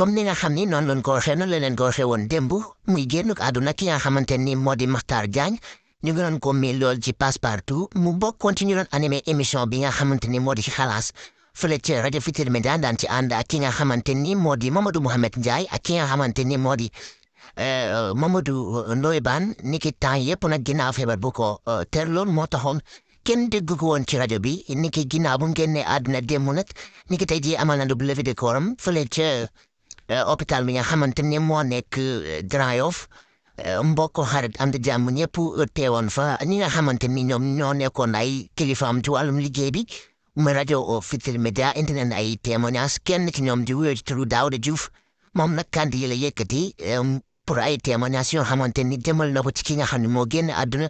comme ni nga xam ni noonu lañ ko waxee noonu la leen ko waxee woon démb muy génn àdduna ki nga xamante ni moo di Makhtar Diagne ñu ngi doon ko mii lool ci Passepartout mu bokkoon ci ñu doon animé émission bi nga xamante ni moo di ci xalaas fële ci rajo Futurs Médias daan ci ànd ak ki nga xamante ni moo di Mamadou Mouhamed Ndiaye ak ki nga xamante ni moo di euh, Mamadou euh, Ndoye Bane ni ki temps yëpp nag ginnaaw feebar bu ko euh, terloon moo taxoon kenn dégg ko woon ci rajo bi ni ki ginnaaw bu mu génnee àdduna nag ni ki tey jii amal na du levée hôpital eh, bi nga xamante ne moo nekk eh, Dryhof eh, mbokk xarit am da jàmm ñëpp teewoon fa ñi nga xamante ni ñoom ñoo nekkoon ay kilifaam ci wàllum liggéey bi mu rajo Futurs Médias indi nañ ay témoignages kenn ki ñoom di wéy daaw Daouda Diouf moom nag kànd yi la yëkkati pour ay témoignages yoo xamante ni demal na ko ci ki nga xam ne moo génn àdduna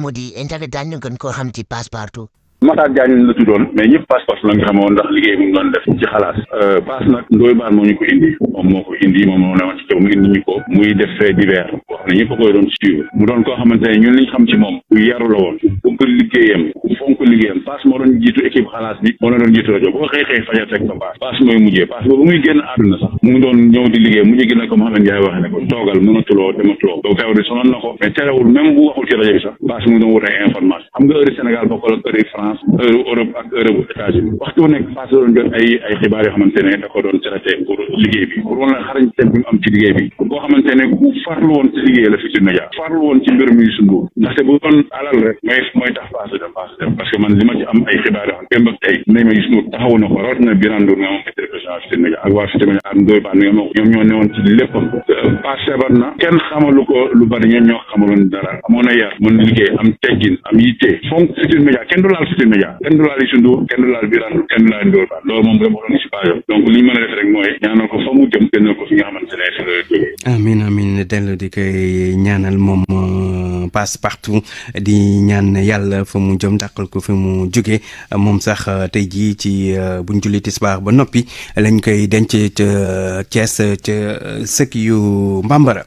mu di intérêt daañu gën koo xam ci Passepartout Matar Diagne la tuddoon mais ñëpp pas-pas la nga euh, nag ndooy baan moo ñu ko indi moom moo ko indi moom moo ne ñëpp a ci moom la woon ku liggéeyam ku mu doon ñëw di liggéey mujj gi nag comme Mohamed Ndiaye waxee ne ko toogal mënatuloo dematuloo donc feebar bi sonoon na ko mais terewul même bu waxul ci rajo bi sax paas mu doon wut information xam nga heure Sénégal bokkul ak heure France Europe ak heure États-Unis waxtu bu nekk Fass doon ay xibaar yoo xamante ne da ko doon traité pour liggéey bi pour wala xarañ teg mu am ci liggéey bi boo xamante ne ku farlu woon ci liggéey la Futurs Médias farlu woon ci mbir muy sundu ndaxte bu doon alal rek mooy mooy tax Fass dem dem parce man li ma ci am ay xibaar yoo xam démb ak tey nay ma gis mu taxaw na ko rawat na Birane Ndour nga ñoom ñoo newoon ci léppam Fass sebar na respecté fonk Futurs kenn du laal Futurs Médias kenn du laal Youssou Ndour kenn du laal Birane kenn du laal Ndour Fall loolu moom dama doon si baaxam donc li ñu mën a def rek mooy ñaanal ko di koy moom euh, passe partout di ñaan yàlla fa mu jëm dàqal ko fi mu jógee moom sax euh, tey jii ci euh, buñ julli tisbaar ba noppi lañ koy denc ca Thiès ca sëkk yu Mbambara.